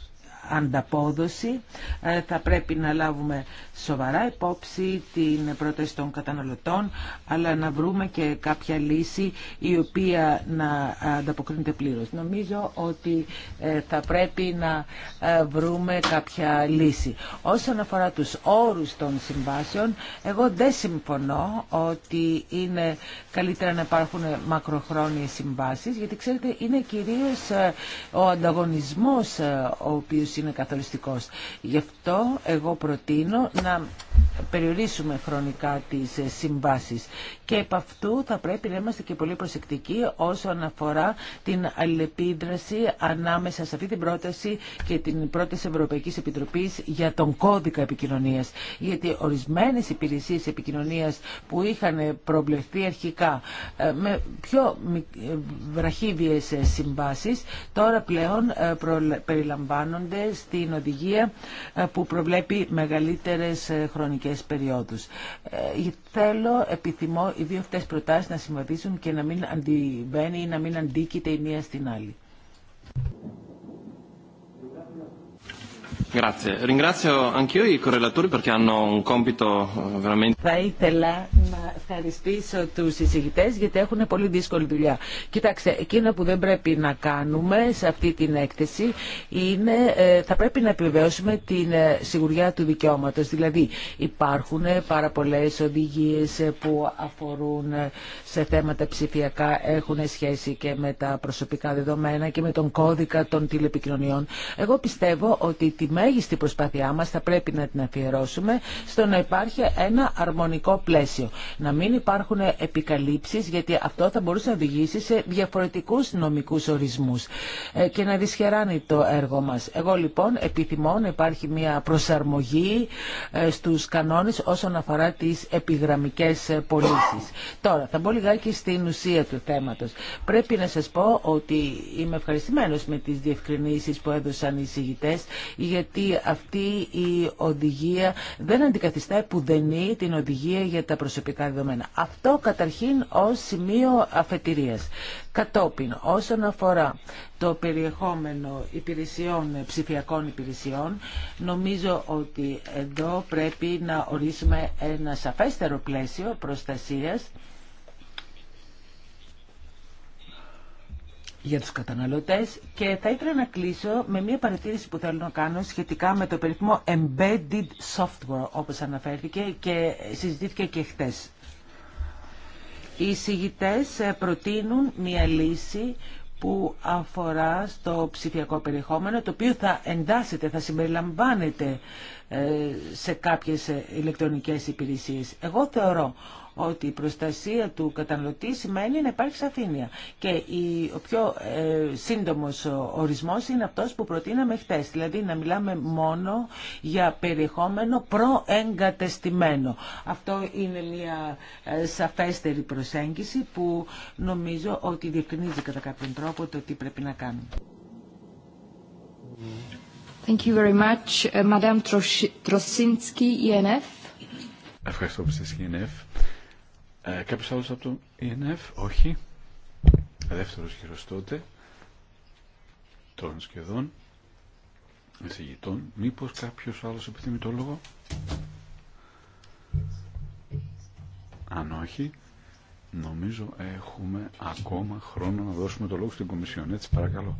Speaker 2: ανταπόδοση. Ε, θα πρέπει να λάβουμε σοβαρά υπόψη την πρόταση των καταναλωτών, αλλά να βρούμε και κάποια λύση η οποία να ανταποκρίνεται πλήρως. Νομίζω ότι ε, θα πρέπει να ε, βρούμε κάποια λύση. Όσον αφορά τους όρους των συμβάσεων, εγώ δεν συμφωνώ ότι είναι καλύτερα να υπάρχουν μακροχρόνιες συμβάσεις, γιατί ξέρετε είναι κυρίως ο ανταγωνισμός ο οποίος είναι καθοριστικός. Γι' αυτό εγώ προτείνω να περιορίσουμε χρονικά τις ε, συμβάσεις. Και επ' αυτού θα πρέπει να είμαστε και πολύ προσεκτικοί όσον αφορά την αλληλεπίδραση ανάμεσα σε αυτή την πρόταση και την πρόταση Ευρωπαϊκής Επιτροπής για τον κώδικα επικοινωνίας. Γιατί ορισμένες υπηρεσίες επικοινωνίας που είχαν προβλεφθεί αρχικά ε, με πιο ε, βραχύβιες συμβάσεις τώρα πλέον περιλαμβάνονται στην οδηγία που προβλέπει μεγαλύτερες χρονικές χρονικές περιόδους. Ε, θέλω, επιθυμώ οι δύο αυτές προτάσει να συμβαδίζουν και να μην αντιβαίνει ή να μην αντίκειται η μία στην άλλη.
Speaker 1: Grazie. Ringrazio anch'io i correlatori perché hanno un compito eh, veramente...
Speaker 2: Θα ήθελα να ευχαριστήσω του συζητητές γιατί έχουν πολύ δύσκολη δουλειά. Κοιτάξτε, εκείνο που δεν πρέπει να κάνουμε σε αυτή την έκθεση είναι ε, θα πρέπει να επιβεβαιώσουμε την ε, σιγουριά του δικαιώματο. Δηλαδή υπάρχουν πάρα πολλέ οδηγίε ε, που αφορούν σε θέματα ψηφιακά, έχουν σχέση και με τα προσωπικά δεδομένα και με τον κώδικα των τηλεπικοινωνιών. Εγώ πιστεύω ότι οι τιμές μέγιστη προσπάθειά μας θα πρέπει να την αφιερώσουμε στο να υπάρχει ένα αρμονικό πλαίσιο. Να μην υπάρχουν επικαλύψεις γιατί αυτό θα μπορούσε να οδηγήσει σε διαφορετικούς νομικούς ορισμούς ε, και να δυσχεράνει το έργο μας. Εγώ λοιπόν επιθυμώ να υπάρχει μια προσαρμογή ε, στους κανόνες όσον αφορά τις επιγραμμικές πωλήσει. Τώρα θα μπω λιγάκι στην ουσία του θέματος. Πρέπει να σας πω ότι είμαι ευχαριστημένος με τις διευκρινήσεις που έδωσαν οι συγητές γιατί αυτή η οδηγία δεν αντικαθιστά επουδενή την οδηγία για τα προσωπικά δεδομένα. Αυτό καταρχήν ως σημείο αφετηρίας. Κατόπιν, όσον αφορά το περιεχόμενο υπηρεσιών, ψηφιακών υπηρεσιών, νομίζω ότι εδώ πρέπει να ορίσουμε ένα σαφέστερο πλαίσιο προστασίας για τους καταναλωτές και θα ήθελα να κλείσω με μια παρατήρηση που θέλω να κάνω σχετικά με το περίφημο embedded software όπως αναφέρθηκε και συζητήθηκε και χτες. Οι συγητές ε, προτείνουν μια λύση που αφορά στο ψηφιακό περιεχόμενο, το οποίο θα εντάσσεται, θα συμπεριλαμβάνεται ε, σε κάποιες ε, ηλεκτρονικές υπηρεσίες. Εγώ θεωρώ ότι η προστασία του καταναλωτή σημαίνει να υπάρχει σαφήνεια. Και η, ο πιο ε, σύντομος ορισμός είναι αυτός που προτείναμε χθε. δηλαδή να μιλάμε μόνο για περιεχόμενο προεγκατεστημένο. Αυτό είναι μια ε, σαφέστερη προσέγγιση που νομίζω ότι διευκρινίζει κατά κάποιον τρόπο το τι πρέπει να κάνουμε. Thank you very much. Ε, Madame ENF.
Speaker 3: Ευχαριστώ, ENF. Ε, κάποιος άλλος από το ΕΝΕΦ, e όχι. Δεύτερος γύρος τότε, των σχεδόν εισηγητών. Μήπως κάποιος άλλος επιθυμεί το λόγο. Αν όχι, νομίζω έχουμε ακόμα χρόνο να δώσουμε το λόγο στην Κομισιόν. Έτσι, παρακαλώ.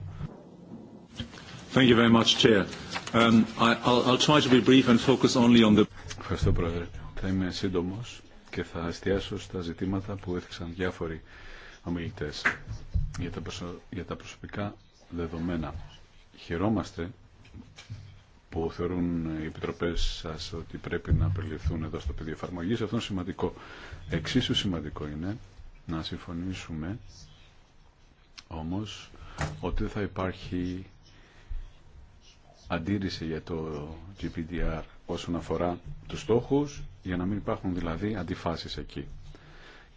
Speaker 3: Ευχαριστώ, Πρόεδρε. Θα είμαι σύντομος και θα εστιάσω στα ζητήματα που έθιξαν διάφοροι ομιλητές για τα, προσωπικά δεδομένα. Χαιρόμαστε που θεωρούν οι επιτροπέ σα ότι πρέπει να περιληφθούν εδώ στο πεδίο εφαρμογή. Αυτό είναι σημαντικό. Εξίσου σημαντικό είναι να συμφωνήσουμε όμως ότι θα υπάρχει αντίρρηση για το GPDR όσον αφορά του στόχους, για να μην υπάρχουν δηλαδή αντιφάσεις εκεί.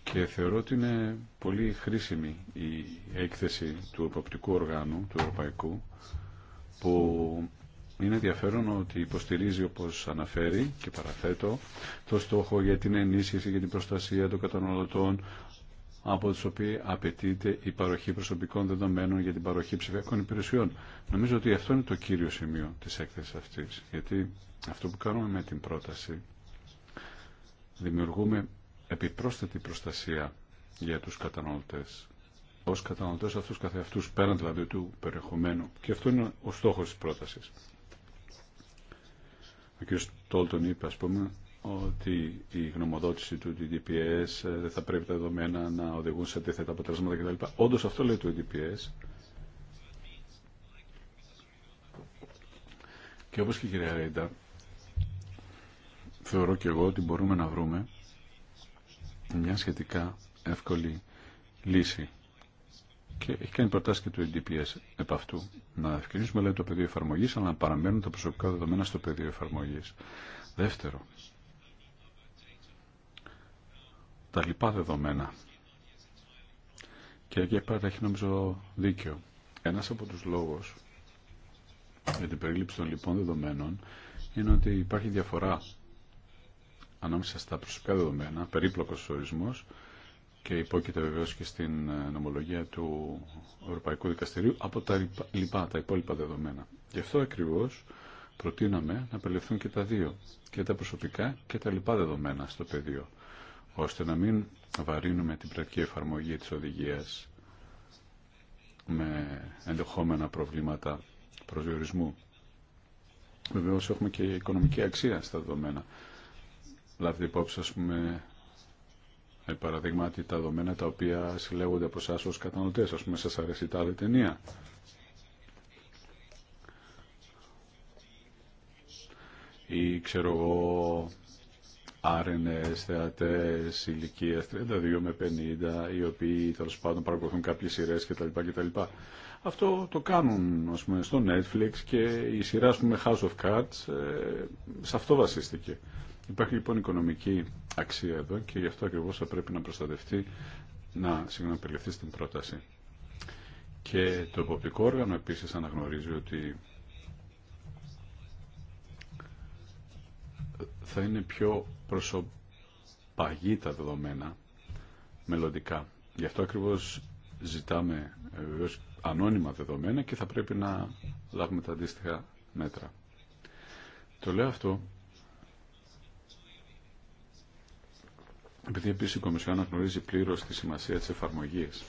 Speaker 3: Και θεωρώ ότι είναι πολύ χρήσιμη η έκθεση του εποπτικού οργάνου, του ευρωπαϊκού, που είναι ενδιαφέρον ότι υποστηρίζει, όπως αναφέρει και παραθέτω, το στόχο για την ενίσχυση, για την προστασία των καταναλωτών, από τις οποίες απαιτείται η παροχή προσωπικών δεδομένων για την παροχή ψηφιακών υπηρεσιών. Νομίζω ότι αυτό είναι το κύριο σημείο της έκθεσης αυτής, γιατί αυτό που κάνουμε με την πρόταση δημιουργούμε επιπρόσθετη προστασία για τους καταναλωτές ως καταναλωτές αυτούς καθεαυτούς πέραν δηλαδή του περιεχομένου και αυτό είναι ο στόχος της πρότασης ο κ. Τόλτον είπε ας πούμε ότι η γνωμοδότηση του DDPS ε, δεν θα πρέπει τα δεδομένα να οδηγούν σε αντίθετα αποτελέσματα κτλ. Όντω αυτό λέει το DDPS. Και όπως και η κυρία Ρέιντα, θεωρώ και εγώ ότι μπορούμε να βρούμε μια σχετικά εύκολη λύση. Και έχει κάνει προτάσει και του EDPS επ' αυτού. Να ευκαιρίσουμε λέει το πεδίο εφαρμογής αλλά να παραμένουν τα προσωπικά δεδομένα στο πεδίο εφαρμογή. Δεύτερο, τα λοιπά δεδομένα. Και εκεί πέρα έχει νομίζω δίκαιο. Ένας από τους λόγους για την περίληψη των λοιπών δεδομένων είναι ότι υπάρχει διαφορά ανάμεσα στα προσωπικά δεδομένα, περίπλοκος ορισμός και υπόκειται βεβαίω και στην ε, νομολογία του Ευρωπαϊκού Δικαστηρίου από τα λοιπά, τα υπόλοιπα δεδομένα. Γι' αυτό ακριβώς προτείναμε να απελευθούν και τα δύο, και τα προσωπικά και τα λοιπά δεδομένα στο πεδίο ώστε να μην βαρύνουμε την πρακτική εφαρμογή της οδηγίας με ενδεχόμενα προβλήματα προσδιορισμού. Βεβαίω έχουμε και οικονομική αξία στα δεδομένα. Λάβετε υπόψη, ας πούμε, παραδείγματι τα δεδομένα τα οποία συλλέγονται από εσάς ως κατανοτές. Ας πούμε, σας αρέσει τα ταινία. Ή, ξέρω εγώ, άρενε θεατέ, ηλικία 32 με 50, οι οποίοι τέλο πάντων παρακολουθούν κάποιε σειρέ κτλ. Αυτό το κάνουν ας πούμε, στο Netflix και η σειρά πούμε, House of Cards ε, σε αυτό βασίστηκε. Υπάρχει λοιπόν οικονομική αξία εδώ και γι' αυτό ακριβώς θα πρέπει να προστατευτεί, να συγγνώμη, περιληφθεί στην πρόταση. Και το εποπτικό όργανο επίσης αναγνωρίζει ότι θα είναι πιο προσωπαγή τα δεδομένα μελλοντικά. Γι' αυτό ακριβώς ζητάμε ε, βεβαίως ανώνυμα δεδομένα και θα πρέπει να λάβουμε τα αντίστοιχα μέτρα. Το λέω αυτό επειδή επίσης η Κομισιόν αναγνωρίζει πλήρως τη σημασία της εφαρμογής.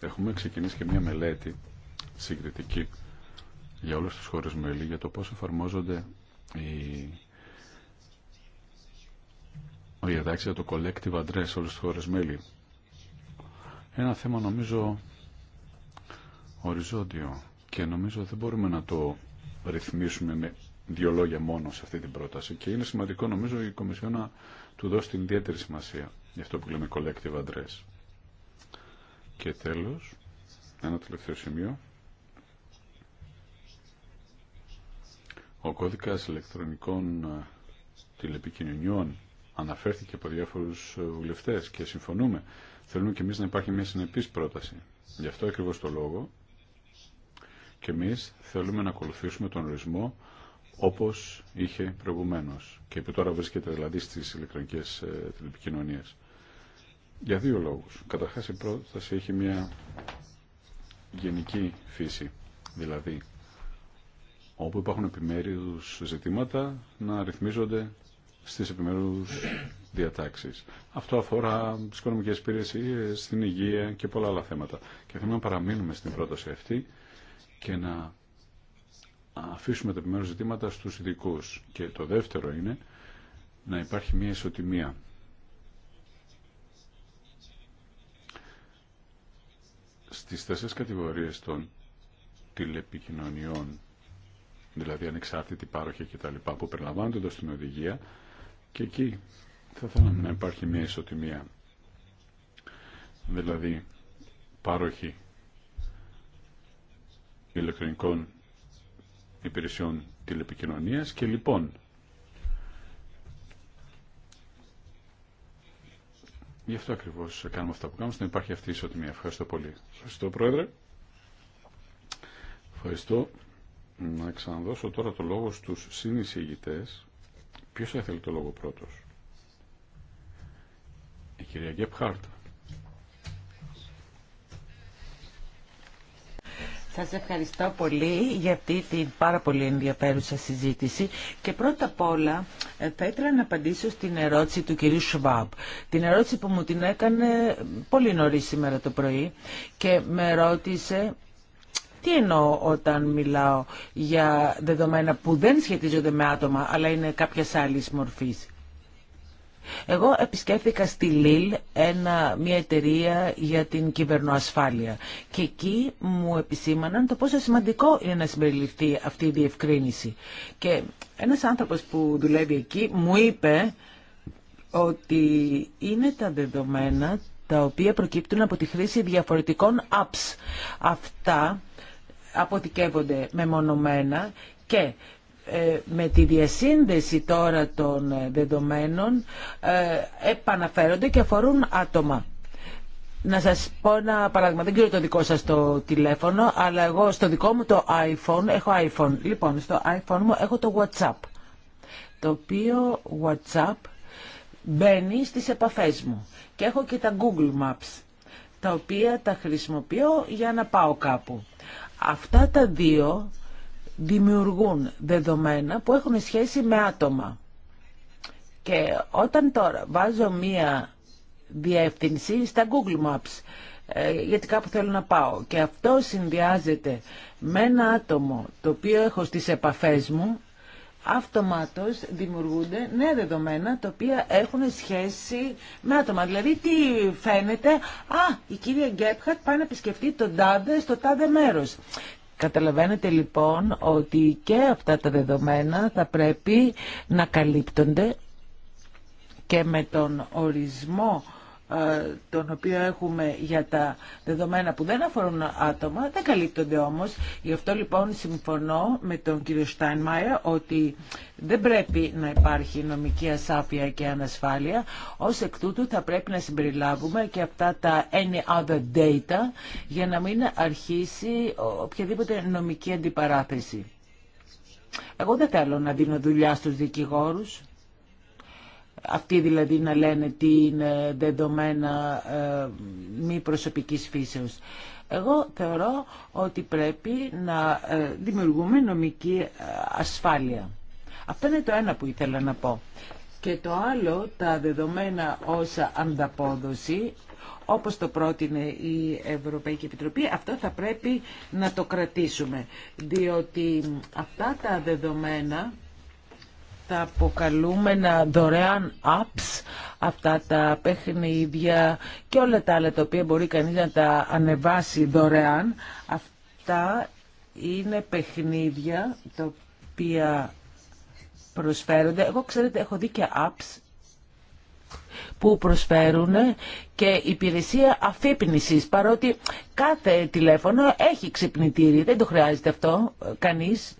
Speaker 3: Έχουμε ξεκινήσει και μια μελέτη συγκριτική για όλους τους χώρου μέλη για το πώς εφαρμόζονται οι για το collective address όλες τις χώρες μέλη. Ένα θέμα νομίζω οριζόντιο και νομίζω δεν μπορούμε να το ρυθμίσουμε με δύο λόγια μόνο σε αυτή την πρόταση και είναι σημαντικό νομίζω η Κομισιόνα να του δώσει την ιδιαίτερη σημασία για αυτό που λέμε collective address. Και τέλος, ένα τελευταίο σημείο. Ο κώδικας ηλεκτρονικών ε, τηλεπικοινωνιών αναφέρθηκε από διάφορου βουλευτέ και συμφωνούμε. Θέλουμε και εμείς να υπάρχει μια συνεπή πρόταση. Γι' αυτό ακριβώ το λόγο και εμείς θέλουμε να ακολουθήσουμε τον ορισμό όπως είχε προηγουμένω. και που τώρα βρίσκεται δηλαδή στις ηλεκτρονικές ε, τηλεπικοινωνίε. Για δύο λόγους. Καταρχάς η πρόταση έχει μια γενική φύση, δηλαδή όπου υπάρχουν επιμέρους ζητήματα να ρυθμίζονται στις επιμερούς διατάξεις. Αυτό αφορά τις οικονομικές υπηρεσίε, την υγεία και πολλά άλλα θέματα. Και θέλουμε να παραμείνουμε στην πρόταση αυτή και να αφήσουμε τα επιμέρους ζητήματα στους ειδικού. Και το δεύτερο είναι να υπάρχει μια ισοτιμία. Στις τέσσερις κατηγορίες των τηλεπικοινωνιών, δηλαδή ανεξάρτητη πάροχη κτλ. που περιλαμβάνονται στην οδηγία, και εκεί θα θέλαμε να υπάρχει μια ισοτιμία. Δηλαδή, πάροχη ηλεκτρονικών υπηρεσιών τηλεπικοινωνίας και λοιπόν Γι' αυτό ακριβώς κάνουμε αυτά που κάνουμε, να υπάρχει αυτή η ισοτιμία. Ευχαριστώ πολύ. Ευχαριστώ, Πρόεδρε. Ευχαριστώ. Να ξαναδώσω τώρα το λόγο στους συνεισηγητές Ποιος θα ήθελε το λόγο πρώτος. Η κυρία Γκέπχαρτ.
Speaker 2: Σας ευχαριστώ πολύ για αυτή την πάρα πολύ ενδιαφέρουσα συζήτηση και πρώτα απ' όλα ε, θα ήθελα να απαντήσω στην ερώτηση του κυρίου Σουβάμπ. Την ερώτηση που μου την έκανε πολύ νωρίς σήμερα το πρωί και με ρώτησε τι εννοώ όταν μιλάω για δεδομένα που δεν σχετίζονται με άτομα, αλλά είναι κάποια άλλη μορφή. Εγώ επισκέφθηκα στη Λίλ ένα, μια εταιρεία για την κυβερνοασφάλεια και εκεί μου επισήμαναν το πόσο σημαντικό είναι να συμπεριληφθεί αυτή η διευκρίνηση. Και ένας άνθρωπος που δουλεύει εκεί μου είπε ότι είναι τα δεδομένα τα οποία προκύπτουν από τη χρήση διαφορετικών apps. Αυτά αποθηκεύονται μεμονωμένα και ε, με τη διασύνδεση τώρα των ε, δεδομένων ε, επαναφέρονται και αφορούν άτομα. Να σας πω ένα παράδειγμα, δεν ξέρω το δικό σας το τηλέφωνο, αλλά εγώ στο δικό μου το iPhone, έχω iPhone, λοιπόν στο iPhone μου έχω το WhatsApp, το οποίο WhatsApp μπαίνει στις επαφές μου και έχω και τα Google Maps, τα οποία τα χρησιμοποιώ για να πάω κάπου. Αυτά τα δύο δημιουργούν δεδομένα που έχουν σχέση με άτομα. Και όταν τώρα βάζω μία διεύθυνση στα Google Maps, ε, γιατί κάπου θέλω να πάω, και αυτό συνδυάζεται με ένα άτομο το οποίο έχω στις επαφές μου, αυτομάτως δημιουργούνται νέα δεδομένα τα οποία έχουν σχέση με άτομα. Δηλαδή τι φαίνεται, α, η κυρία Γκέπχατ πάει να επισκεφτεί τον τάδε στο τάδε μέρος. Καταλαβαίνετε λοιπόν ότι και αυτά τα δεδομένα θα πρέπει να καλύπτονται και με τον ορισμό ε, τον οποίο έχουμε για τα δεδομένα που δεν αφορούν άτομα δεν καλύπτονται όμως. Γι' αυτό λοιπόν συμφωνώ με τον κύριο Steinmeier ότι δεν πρέπει να υπάρχει νομική ασάφεια και ανασφάλεια. Ως εκ τούτου θα πρέπει να συμπεριλάβουμε και αυτά τα any other data για να μην αρχίσει οποιαδήποτε νομική αντιπαράθεση. Εγώ δεν θέλω να δίνω δουλειά στους δικηγόρους. Αυτοί δηλαδή να λένε τι είναι δεδομένα ε, μη προσωπικής φύσεως. Εγώ θεωρώ ότι πρέπει να ε, δημιουργούμε νομική ε, ασφάλεια. Αυτό είναι το ένα που ήθελα να πω. Και το άλλο, τα δεδομένα όσα ανταπόδοση, όπως το πρότεινε η Ευρωπαϊκή Επιτροπή, αυτό θα πρέπει να το κρατήσουμε. Διότι αυτά τα δεδομένα τα αποκαλούμενα δωρεάν apps, αυτά τα παιχνίδια και όλα τα άλλα τα οποία μπορεί κανείς να τα ανεβάσει δωρεάν, αυτά είναι παιχνίδια τα οποία προσφέρονται. Εγώ ξέρετε έχω δει και apps που προσφέρουν και υπηρεσία αφύπνισης, παρότι κάθε τηλέφωνο έχει ξυπνητήρι, δεν το χρειάζεται αυτό ε, κανείς.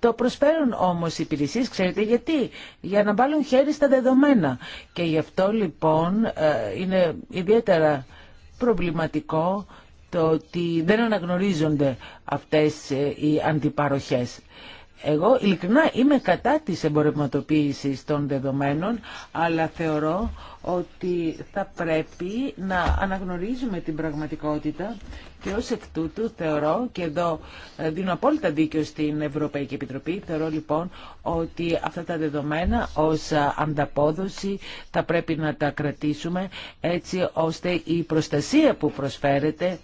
Speaker 2: Το προσφέρουν όμως οι υπηρεσίες, ξέρετε γιατί, για να βάλουν χέρι στα δεδομένα. Και γι' αυτό λοιπόν ε, είναι ιδιαίτερα προβληματικό το ότι δεν αναγνωρίζονται αυτές ε, οι αντιπαροχές. Εγώ ειλικρινά είμαι κατά της εμπορευματοποίησης των δεδομένων, αλλά θεωρώ ότι θα πρέπει να αναγνωρίζουμε την πραγματικότητα και ως εκ τούτου θεωρώ, και εδώ δίνω απόλυτα δίκιο στην Ευρωπαϊκή Επιτροπή, θεωρώ λοιπόν ότι αυτά τα δεδομένα ως ανταπόδοση θα πρέπει να τα κρατήσουμε έτσι ώστε η προστασία που προσφέρεται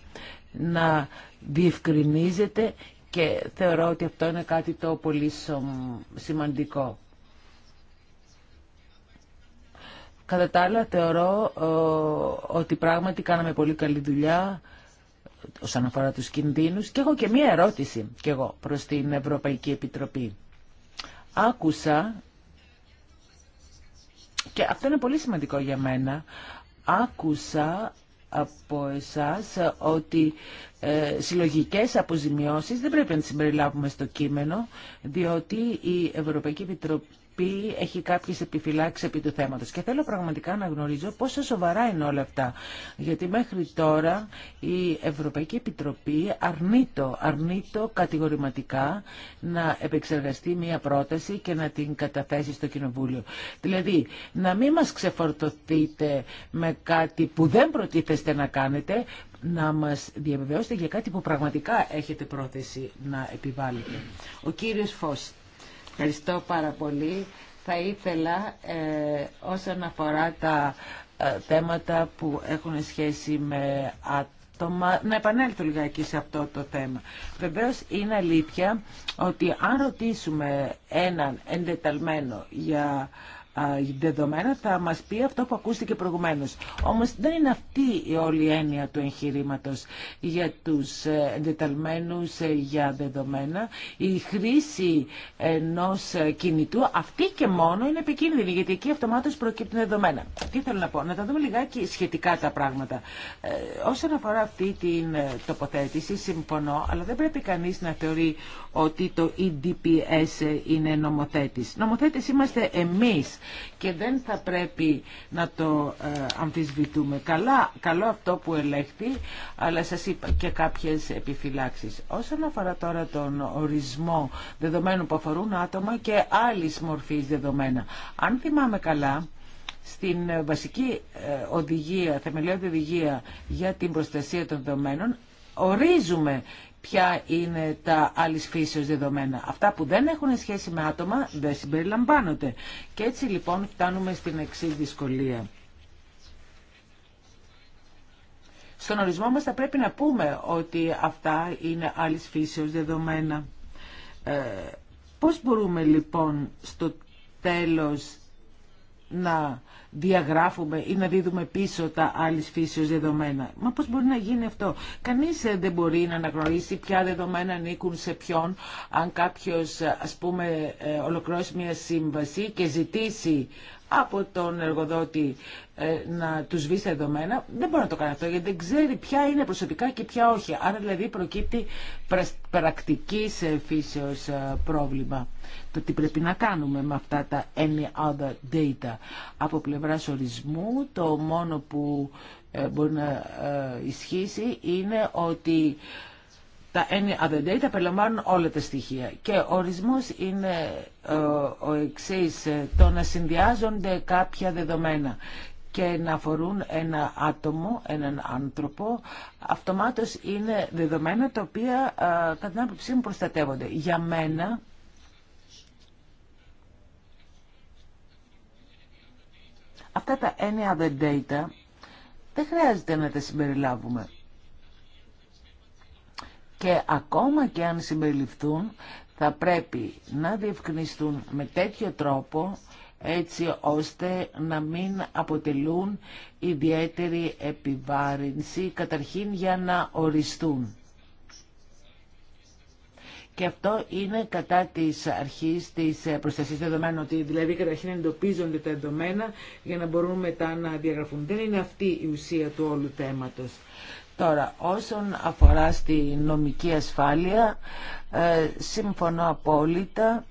Speaker 2: να διευκρινίζεται και θεωρώ ότι αυτό είναι κάτι το πολύ σημαντικό. Κατά τα άλλα θεωρώ ότι πράγματι κάναμε πολύ καλή δουλειά όσον αφορά τους κινδύνους και έχω και μία ερώτηση και εγώ προς την Ευρωπαϊκή Επιτροπή. Άκουσα, και αυτό είναι πολύ σημαντικό για μένα, άκουσα από εσάς ότι ε, συλλογικές αποζημιώσεις δεν πρέπει να τις συμπεριλάβουμε στο κείμενο, διότι η Ευρωπαϊκή Επιτροπή πει έχει κάποιες επιφυλάξεις επί του θέματος και θέλω πραγματικά να γνωρίζω πόσο σοβαρά είναι όλα αυτά. Γιατί μέχρι τώρα η Ευρωπαϊκή Επιτροπή αρνείτο, αρνείτο κατηγορηματικά να επεξεργαστεί μια πρόταση και να την καταθέσει στο Κοινοβούλιο. Δηλαδή, να μην μας ξεφορτωθείτε με κάτι που δεν προτίθεστε να κάνετε, να μας διαβεβαιώσετε για κάτι που πραγματικά έχετε πρόθεση να επιβάλλετε. Ο κύριος Φώστη. Ευχαριστώ πάρα πολύ. Θα ήθελα ε, όσον αφορά τα ε, θέματα που έχουν σχέση με άτομα, να επανέλθω λιγάκι σε αυτό το θέμα. Βεβαίω είναι αλήθεια ότι αν ρωτήσουμε έναν εντεταλμένο για δεδομένα θα μας πει αυτό που ακούστηκε προηγουμένως. Όμως δεν είναι αυτή η όλη έννοια του εγχειρήματο για τους ε, εντεταλμένους ε, για δεδομένα. Η χρήση ενός ε, κινητού αυτή και μόνο είναι επικίνδυνη γιατί εκεί αυτομάτως προκύπτουν δεδομένα. Τι θέλω να πω, να τα δούμε λιγάκι σχετικά τα πράγματα. όσον αφορά αυτή την τοποθέτηση συμφωνώ αλλά δεν πρέπει κανείς να θεωρεί ότι το EDPS είναι νομοθέτης. Νομοθέτης είμαστε εμείς και δεν θα πρέπει να το ε, αμφισβητούμε. Καλά, καλό αυτό που ελέγχθη, αλλά σας είπα και κάποιες επιφυλάξεις. Όσον αφορά τώρα τον ορισμό δεδομένων που αφορούν άτομα και άλλη μορφής δεδομένα. Αν θυμάμαι καλά, στην βασική ε, οδηγία, θεμελιώδη οδηγία για την προστασία των δεδομένων, ορίζουμε ποια είναι τα άλλη φύσεως δεδομένα. Αυτά που δεν έχουν σχέση με άτομα δεν συμπεριλαμβάνονται. Και έτσι λοιπόν φτάνουμε στην εξή δυσκολία. Στον ορισμό μας θα πρέπει να πούμε ότι αυτά είναι άλλη φύσεως δεδομένα. Ε, πώς μπορούμε λοιπόν στο τέλος να διαγράφουμε ή να δίδουμε πίσω τα άλλη φύσεω δεδομένα. Μα πώς μπορεί να γίνει αυτό. Κανείς ε, δεν μπορεί να αναγνωρίσει ποια δεδομένα ανήκουν σε ποιον αν κάποιος ας πούμε ε, ολοκληρώσει μια σύμβαση και ζητήσει από τον εργοδότη ε, να του βρει στα δεδομένα. Δεν μπορεί να το κάνει αυτό γιατί δεν ξέρει ποια είναι προσωπικά και ποια όχι. Άρα δηλαδή προκύπτει πρακτικής ε, φύσεως ε, πρόβλημα. Το τι πρέπει να κάνουμε με αυτά τα any other data. Από πλευρά ορισμού το μόνο που μπορεί να ισχύσει είναι ότι τα any other data περιλαμβάνουν όλα τα στοιχεία και ο ορισμός είναι ε, ο εξής, ε, το να συνδυάζονται κάποια δεδομένα και να αφορούν ένα άτομο, έναν άνθρωπο, αυτομάτως είναι δεδομένα τα οποία ε, κατά την άποψή μου προστατεύονται. Για μένα, αυτά τα any other data δεν χρειάζεται να τα συμπεριλάβουμε και ακόμα και αν συμπεριληφθούν θα πρέπει να διευκρινιστούν με τέτοιο τρόπο έτσι ώστε να μην αποτελούν ιδιαίτερη επιβάρυνση καταρχήν για να οριστούν. Και αυτό είναι κατά της αρχής της προστασίας δεδομένων, ότι δηλαδή καταρχήν εντοπίζονται τα δεδομένα για να μπορούν μετά να διαγραφούν. Δεν είναι αυτή η ουσία του όλου θέματος. Τώρα, όσον αφορά στη νομική ασφάλεια, ε, συμφωνώ απόλυτα.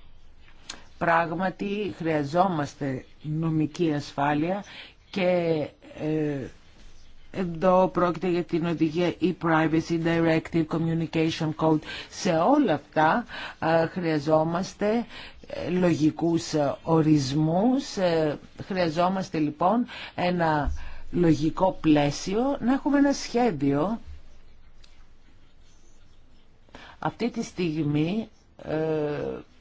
Speaker 2: Πράγματι, χρειαζόμαστε νομική ασφάλεια και ε, εδώ πρόκειται για την οδηγία e-Privacy Directive Communication Code. Σε όλα αυτά ε, χρειαζόμαστε ε, λογικούς ε, ορισμούς. Χρειαζόμαστε λοιπόν ένα λογικό πλαίσιο να έχουμε ένα σχέδιο. Αυτή τη στιγμή ε,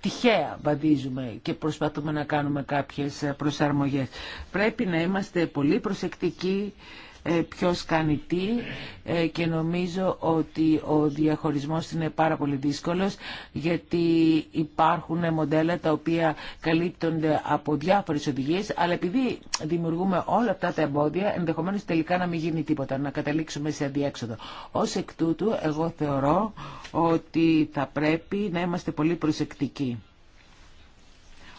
Speaker 2: τυχαία βαδίζουμε και προσπαθούμε να κάνουμε κάποιες προσαρμογές. Πρέπει να είμαστε πολύ προσεκτικοί ε, ποιος κάνει τι ε, και νομίζω ότι ο διαχωρισμός είναι πάρα πολύ δύσκολος γιατί υπάρχουν μοντέλα τα οποία καλύπτονται από διάφορες οδηγίες αλλά επειδή δημιουργούμε όλα αυτά τα εμπόδια ενδεχομένως τελικά να μην γίνει τίποτα, να καταλήξουμε σε αδιέξοδο. Ως εκ τούτου εγώ θεωρώ ότι θα πρέπει να είμαστε πολύ προσεκτικοί.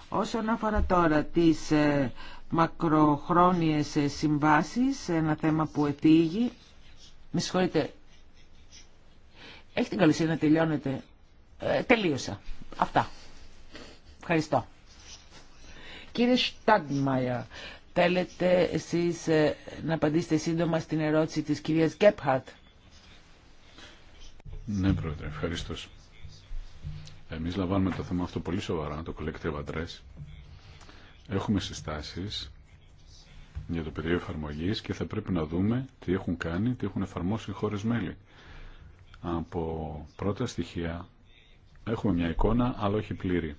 Speaker 2: Όσον αφορά τώρα τις ε, μακροχρόνιες ε, συμβάσεις, ένα θέμα που ετύγει. Με συγχωρείτε, έχει την καλωσία να τελειώνετε. Ε, τελείωσα. Αυτά. Ευχαριστώ. Κύριε Στάντμαια, θέλετε εσείς ε, να απαντήσετε σύντομα στην ερώτηση της κυρίας Γκέπχαρτ.
Speaker 3: Ναι, πρόεδρε, ευχαριστώ. Εμείς λαμβάνουμε το θέμα αυτό πολύ σοβαρά, το collective address Έχουμε συστάσεις για το πεδίο εφαρμογή και θα πρέπει να δούμε τι έχουν κάνει, τι έχουν εφαρμόσει οι χώρες μέλη. Από πρώτα στοιχεία έχουμε μια εικόνα, αλλά όχι πλήρη.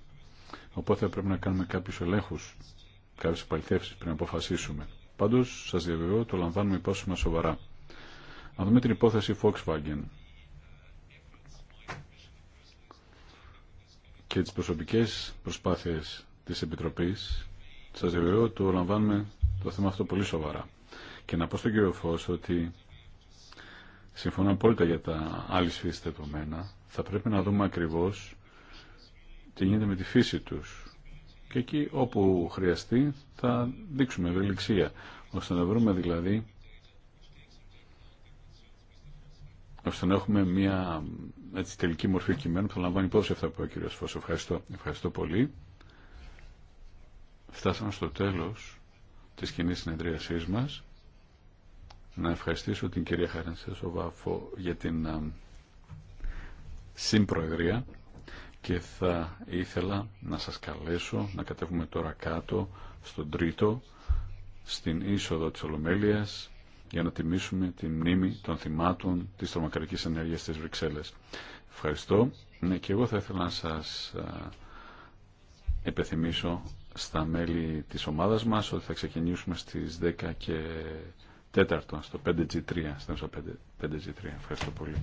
Speaker 3: Οπότε θα πρέπει να κάνουμε κάποιους ελέγχους, κάποιες επαληθεύσεις πριν αποφασίσουμε. Πάντως, σας διαβεβαιώ, το λαμβάνουμε υπόψη σοβαρά. Να δούμε την υπόθεση Volkswagen. και τις προσωπικές προσπάθειες της Επιτροπής σας διαβεβαιώ το λαμβάνουμε το θέμα αυτό πολύ σοβαρά. Και να πω στον κύριο Φως ότι συμφωνώ απόλυτα για τα άλλη φύση δεδομένα. Θα πρέπει να δούμε ακριβώς τι γίνεται με τη φύση τους. Και εκεί όπου χρειαστεί θα δείξουμε ευελιξία, ώστε να βρούμε δηλαδή ώστε να έχουμε μια έτσι, τελική μορφή κειμένου που θα λαμβάνει υπόψη αυτά που ο κύριος Φως. ευχαριστώ πολύ. Φτάσαμε στο τέλος της κοινή συνεδρίασής μας. Να ευχαριστήσω την κυρία Χαρενσέσο Βάφο για την συμπροεδρία και θα ήθελα να σας καλέσω να κατεβούμε τώρα κάτω στον τρίτο στην είσοδο της Ολομέλειας για να τιμήσουμε τη μνήμη των θυμάτων της τρομακαρικής ενέργειας της Βρυξέλλες. Ευχαριστώ. Ναι, και εγώ θα ήθελα να σας επιθυμίσω στα μέλη της ομάδας μας ότι θα ξεκινήσουμε στις 10 και 4 στο 5G3, στην 5G3. Ευχαριστώ πολύ.